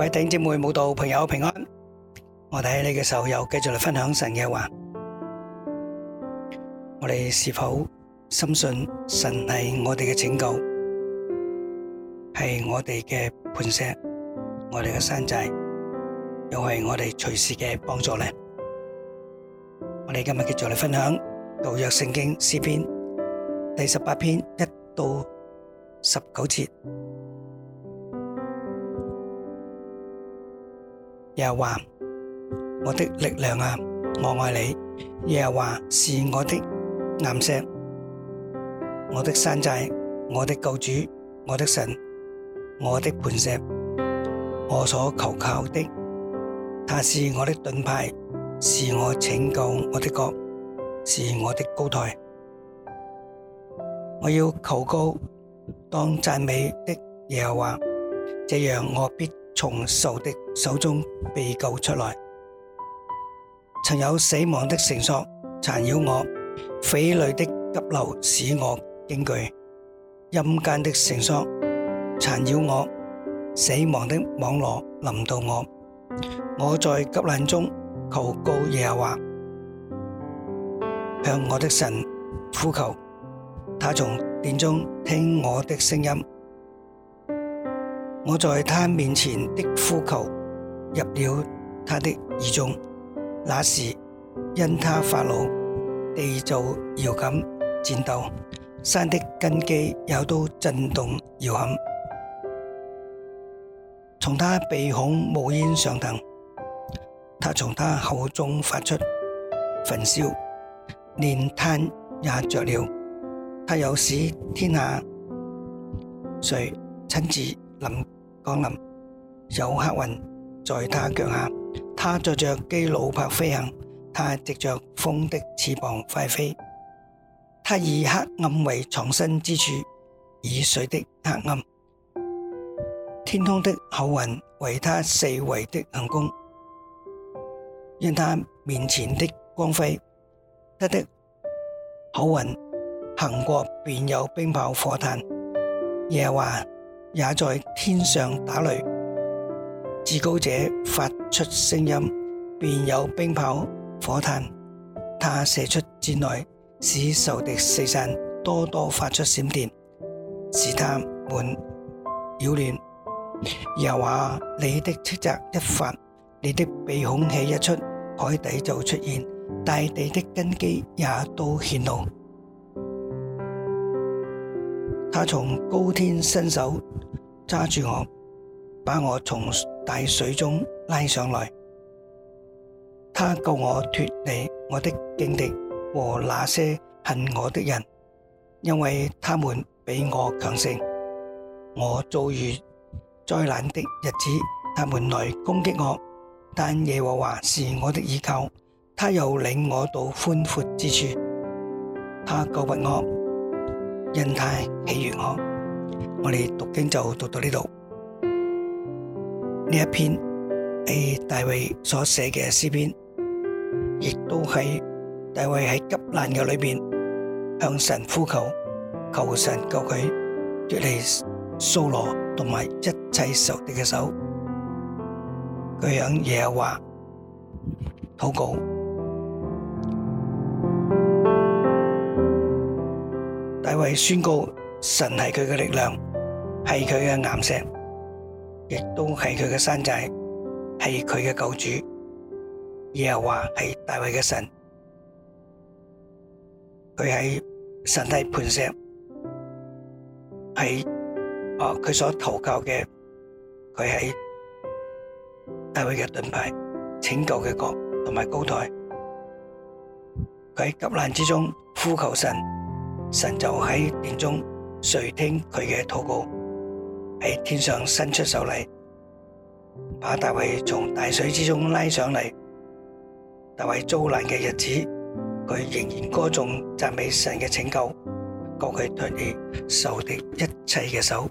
各位弟兄姊妹、慕道朋友平安，我睇你嘅時候又繼續嚟分享神嘅話，我哋是否深信神係我哋嘅拯救，係我哋嘅磐石、我哋嘅山寨，又係我哋隨時嘅幫助呢？我哋今日繼續嚟分享道約聖經詩篇第十八篇一到十九節。耶和華我的力量啊，我愛你；耶和華是我的岩石，我的山寨，我的救主，我的神，我的磐石，我所求靠的，他是我的盾牌，是我拯救我的角，是我的高台。我要求告，當讚美的，耶和華這樣我必。從仇敵手中被救出來，曾有死亡的繩索纏繞我，匪類的急流使我驚懼，陰間的繩索纏繞我，死亡的網絡臨到我，我在急難中求告耶和華，向我的神呼求，他從殿中聽我的聲音。我在他面前的呼求入了他的耳中，那時，因他發怒，地就搖撼戰鬥，山的根基也都震動搖撼。從他鼻孔冒煙上騰，他從他口中發出焚燒，連炭也着了。他有使天下誰親自？臨降臨，有黑雲在他腳下，他坐着基路伯飛行，他藉着風的翅膀快飛，他以黑暗為藏身之處，以水的黑暗，天空的厚雲為他四圍的行宮，讓他面前的光輝，他的厚雲行過便有冰雹火炭，耶和華。也在天上打雷，至高者發出聲音，便有冰炮火炭，他射出箭來，使仇敵四散，多多發出閃電，使他們擾亂。又話：你的斥責一發，你的鼻孔氣一出，海底就出現，大地的根基也都顯露。他從高天伸手抓住我，把我從大水中拉上來。他救我脫離我的勁敵，和那些恨我的人，因為他們比我強盛。我遭遇災難的日子，他們來攻擊我，但耶和華是我的倚靠，他又領我到寬闊之處。他救拔我。恩泰喜悅我，我哋讀經就讀到呢度。呢一篇係大衛所寫嘅詩篇，亦都係大衛喺急難嘅裏邊向神呼求，求神救佢脫離掃羅同埋一切仇敵嘅手。佢向耶和華禱告。大衛宣告：神係佢嘅力量，係佢嘅巖石，亦都係佢嘅山寨，係佢嘅救主。而又話係大衛嘅神，佢喺神係磐石，喺啊佢所投靠嘅，佢喺大衛嘅盾牌、拯救嘅角同埋高台，佢喺急難之中呼求神。神就喺殿中垂聽佢嘅禱告，喺天上伸出手嚟，把大衛從大水之中拉上嚟。大衛遭難嘅日子，佢仍然歌頌讚美神嘅拯救，救他脫離仇敵一切嘅手。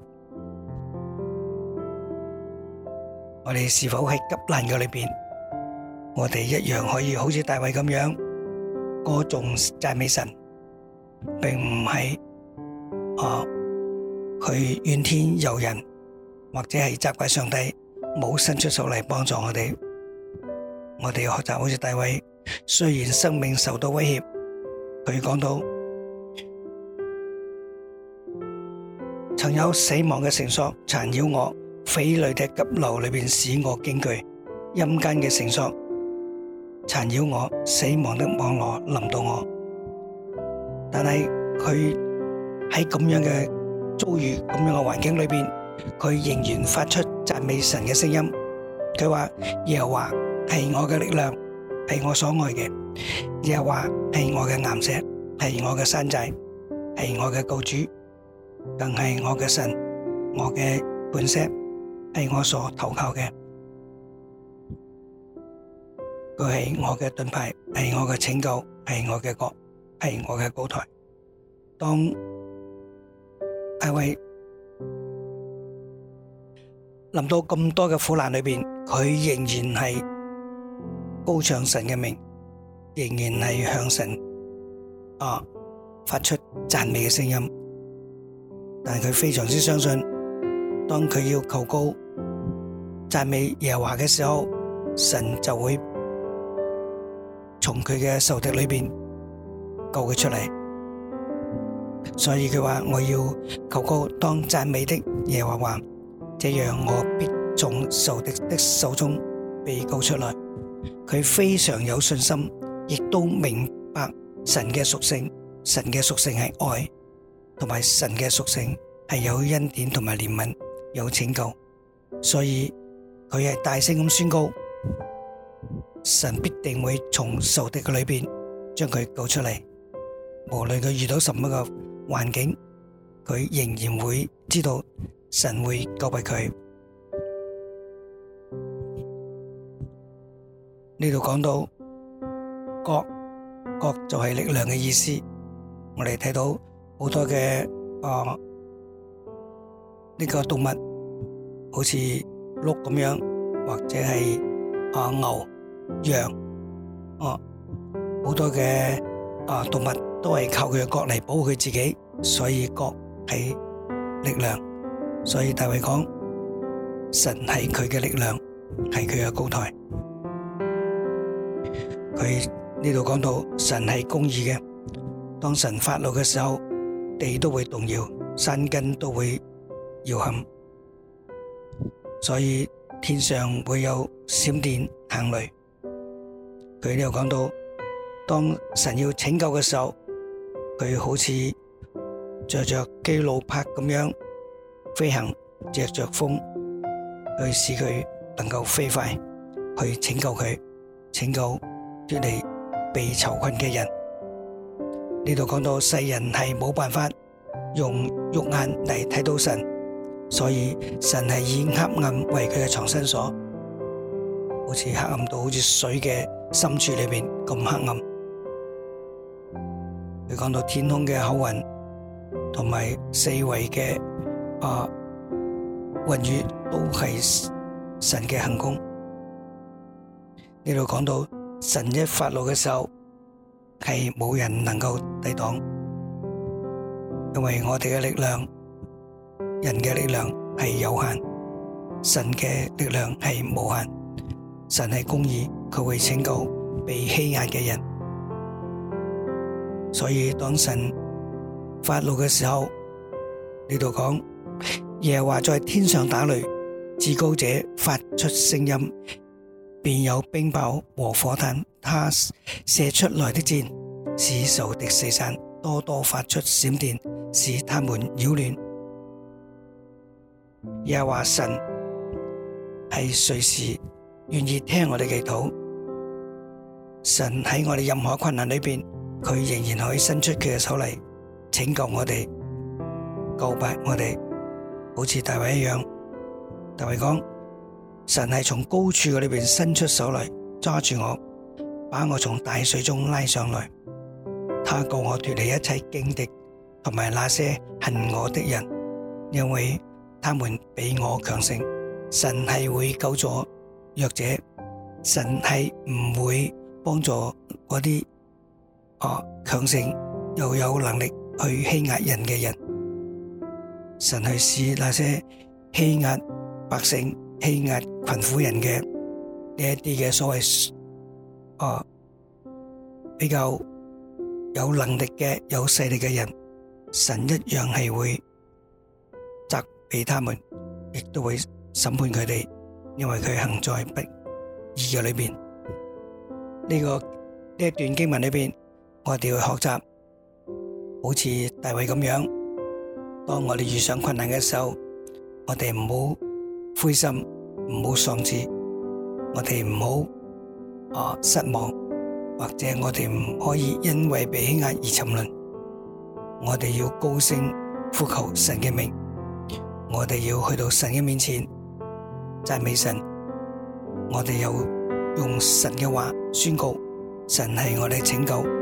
我哋是否喺急難嘅裏面，我哋一樣可以好似大衛咁樣歌頌讚美神？並唔係啊，佢怨天尤人，或者係責怪上帝冇伸出手嚟幫助我哋。我哋要學習好似大衛，雖然生命受到威脅，佢講到曾有死亡嘅繩索纏繞我，匪類嘅急流裏邊使我驚懼，陰間嘅繩索纏繞我，死亡的網羅臨到我。但係佢喺咁樣嘅遭遇、咁樣嘅環境裏邊，佢仍然發出讚美神嘅聲音。佢話耶華係我嘅力量，係我所愛嘅；耶華係我嘅岩石，係我嘅山寨，係我嘅救主，更係我嘅神，我嘅磐石，係我所投靠嘅。佢係我嘅盾牌，係我嘅拯救，係我嘅國。係我嘅高台，當大衛臨到咁多嘅苦難裏邊，佢仍然係高唱神嘅名，仍然係向神啊發出讚美嘅聲音。但係佢非常之相信，當佢要求高讚美耶和華嘅時候，神就會從佢嘅仇敵裏邊。救佢出嚟，所以佢話我要求告當讚美的耶和華，這樣我必從仇敵的手中被救出來。佢非常有信心，亦都明白神嘅屬性，神嘅屬性係愛，同埋神嘅屬性係有恩典同埋憐憫，有拯救。所以佢係大聲咁宣告，神必定會從仇敵嘅裏邊將佢救出嚟。無論佢遇到什麼嘅環境，佢仍然會知道神會救拔佢。呢度講到角，角就係力量嘅意思。我哋睇到好多嘅啊，呢、這個動物好似鹿咁樣，或者係啊牛、羊，啊好多嘅。啊！動物都係靠佢嘅角嚟保護佢自己，所以角係力量。所以大衛講神係佢嘅力量，係佢嘅高台。佢呢度講到神係公義嘅，當神發怒嘅時候，地都會動搖，山根都會搖撼，所以天上會有閃電行雷。佢呢度講到。當神要拯救嘅時候，佢好似着着基路伯咁樣飛行，借着風去使佢能夠飛快去拯救佢，拯救脫離被囚困嘅人。呢度講到世人係冇辦法用肉眼嚟睇到神，所以神係以黑暗為佢嘅藏身所，好似黑暗到好似水嘅深處裏邊咁黑暗。講到天空嘅口雲同埋四圍嘅啊雲雨都係神嘅行宮。呢度講到神一發怒嘅時候係冇人能夠抵擋，因為我哋嘅力量，人嘅力量係有限，神嘅力量係無限。神係公義，佢會拯救被欺壓嘅人。所以當神發怒嘅時候，呢度講，耶華在天上打雷，至高者發出聲音，便有冰雹和火炭。他射出來的箭是仇敵四散，多多發出閃電，使他們擾亂。耶華神係隨時願意聽我哋祈禱，神喺我哋任何困難裏邊。佢仍然可以伸出佢嘅手嚟拯救我哋、告白我哋，好似大衛一樣。大衛講：神係從高處嗰裏邊伸出手嚟，抓住我，把我從大水中拉上來。他告我脫離一切勁敵同埋那些恨我的人，因為他們比我強盛。神係會救助弱者，神係唔會幫助嗰啲。啊，強盛又有能力去欺壓人嘅人，神去試那些欺壓百姓、欺壓貧苦人嘅呢一啲嘅所謂啊比較有能力嘅、有勢力嘅人，神一樣係會責備他們，亦都會審判佢哋，因為佢行在不義嘅裏邊。呢個呢一段經文裏邊。我哋去學習，好似大衛咁樣。當我哋遇上困難嘅時候，我哋唔好灰心，唔好喪志，我哋唔好啊失望，或者我哋唔可以因為被欺壓而沉淪。我哋要高聲呼求神嘅名。我哋要去到神嘅面前讚美神。我哋又用神嘅話宣告：神係我哋嘅拯救。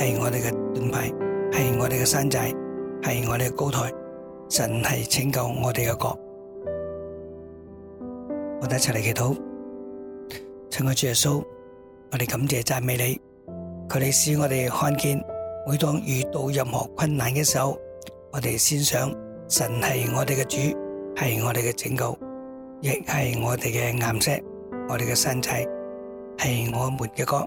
係我哋嘅盾牌，係我哋嘅山寨，係我哋嘅高台。神係拯救我哋嘅國。我哋一齊嚟祈禱，請我主耶穌，我哋感謝讚美你。佢哋使我哋看見，每當遇到任何困難嘅時候，我哋先想神係我哋嘅主，係我哋嘅拯救，亦係我哋嘅岩石，我哋嘅山寨，係我們嘅國。